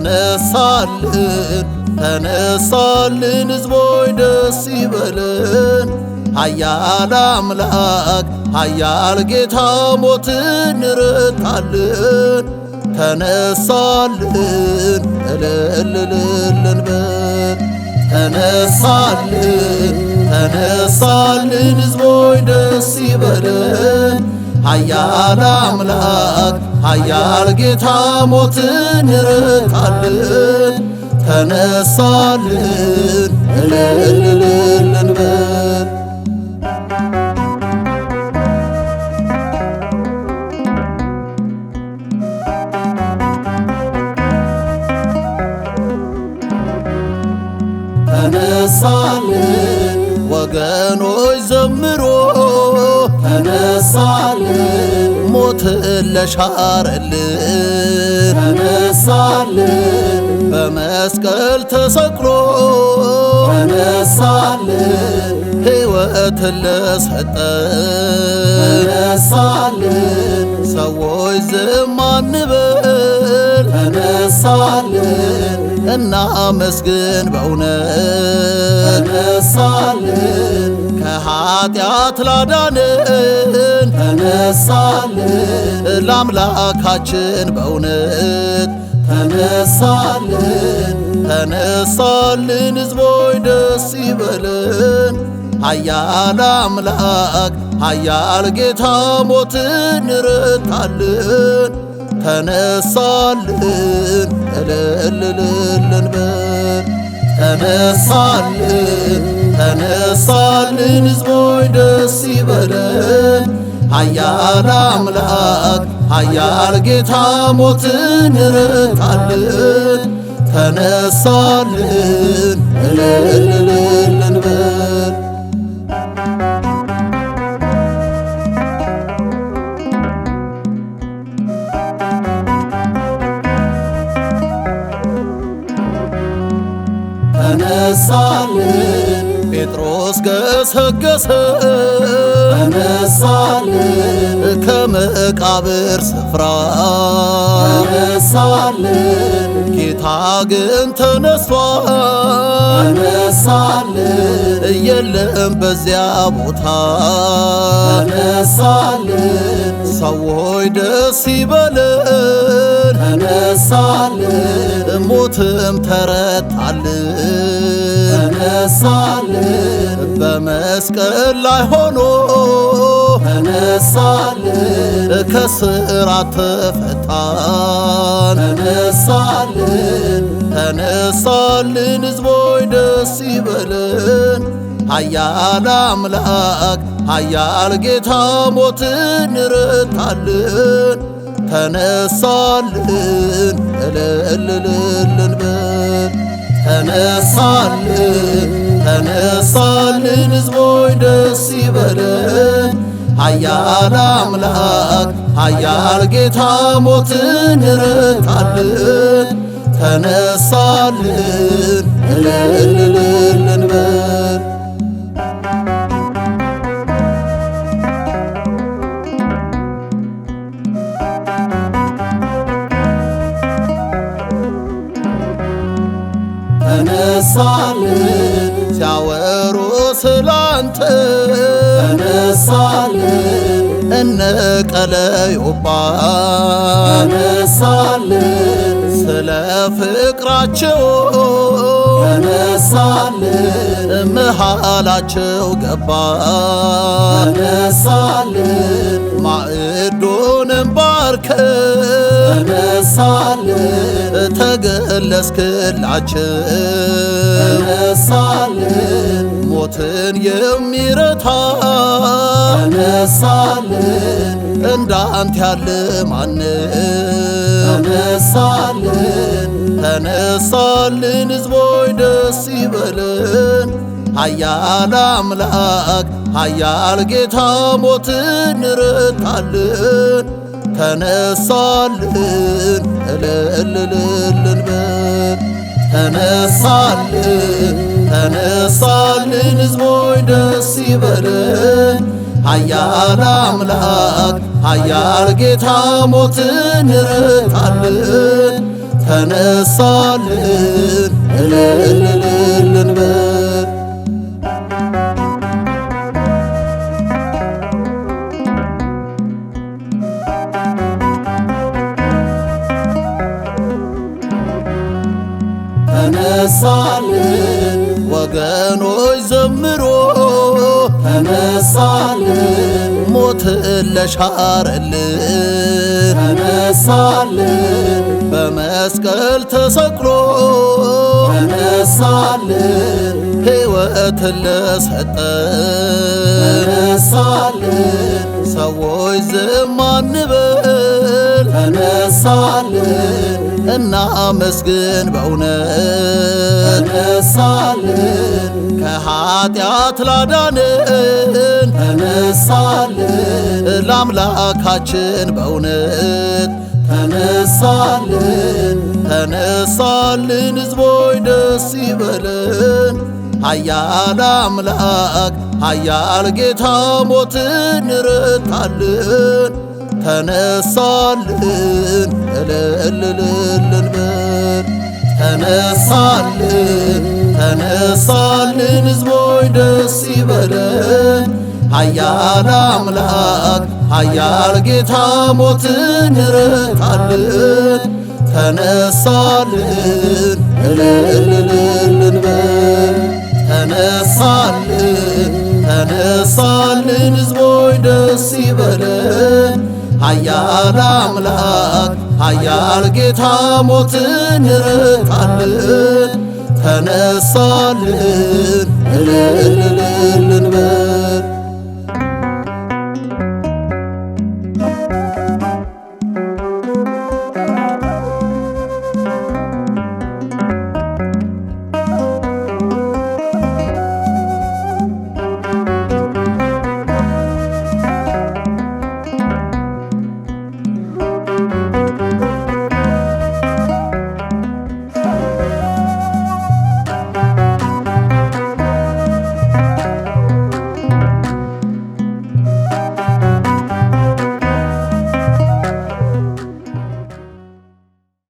ተነሳልን ተነሳልን ሕዝቦይ ደስ ይበልን ኃያል አምላክ ኃያል ጌታ ሞትን ረታልን። ተነሳልን እልልልልን በል ተነሳልን ተነሳልን ሕዝቦይ ደስ ይበለን ኃያል አምላክ ኃያል ጌታ ሞትን ይረታልን ተነሳልን እልልልን ተነሳል ሞት ለሻረልን ተነሳል በመስቀል ተሰቅሎ ተነሳል ሕይወት ለሰጠን ተነሳል ሰዎች ዝም አንበል ተነሳል እናመስግን በእውነት ተነሳል ከኃጢአት ላዳንን ተነሳልን ለአምላካችን በእውነት ተነሳልን ተነሳልን ሕዝቦይ ደስ ይበልን ኃያል አምላክ ኃያል ጌታ ሞትን ረታልን ተነሳልን እልልልልን በል ተነሳልን ተነሳልን ህዝቦይ ደስ ይበለን ኃያል አምላክ ኃያል ጌታ ሞትን ረታልን ተነሳልን እልልልልንበል ተነሳልን ጴጥሮስ ገሰገሰ ያነሳል ከመቃብር ስፍራ ያነሳል ጌታ ግን ተነስቷል ያነሳል የለም በዚያ ቦታ ያነሳል ሰዎች ደስ ይበልን ተነሳል ሞትም ተረታልን ተነሳል በመስቀል ላይ ሆኖ ተነሳልን ከስራ ተፈታን ተነሳልን ተነሳልን ሕዝቦይ ደስ ይበልን ኃያል አምላክ ኃያል ጌታ ሞትን ረታልን ተነሳልን እልልልልን በል ተነሳልን ተነሳልን ሕዝቦይ ደስ ይበልን። ኃያል አምላክ ኃያል ጌታ ሞትን ረታልን ተነሳልን እልልልልንበር ተነሳልን ሲያወሩ ስላንተ ነሳል እነቀለዮባል ነሳል ስለ ፍቅራቸው ነሳል መሃላቸው ገባ ነሳል ማዕዶንም ባርከ ተነሳል ተገለስክላችን ተነሳል ሞትን የሚረታ ተነሳል እንዳንተ ያለ ማን ተነሳል ተነሳልን ሕዝቦይ ደስ ይበለን ኃያል አምላክ ኃያል ጌታ ሞትን ንረታልን ተነሳልን እልልልልን በል ተነሳልን ተነሳልን ሕዝቦች ደስ ይበልን ኃያል አምላክ ኃያል ጌታ ሞትን ረታልን ተነሳልን ተነሳልን ወገኖች ዘምሮ ተነሳልን ሞትን ለሻረልን ተነሳልን በመስቀል ተሰቅሎ ተነሳልን ሕይወትን ለሰጠን ተነሳልን ሰዎች ዝም አንበል ተነሳልን እናመስግን በእውነት ተነሳልን ከኃጢአት ላዳንን ተነሳልን ለአምላካችን በእውነት ተነሳልን ተነሳልን ሕዝቦይ ደስ ይበለን ኃያል አምላክ ኃያል ጌታ ሞትን ንረታልን ተነሳልን እልልል ተነሳልን ተነሳልን ሕዝቦች ደስ ይበለን። ኃያል አምላክ ኃያል ጌታ ሞትን ረታልን ተነሳልን እልልልልንበል ተነሳልን ተነሳልን ሕዝቦች ደስ ይበለን ኃያል አምላክ ኃያል ጌታ ሞትን ረታልን ተነሳልን እልልልን በ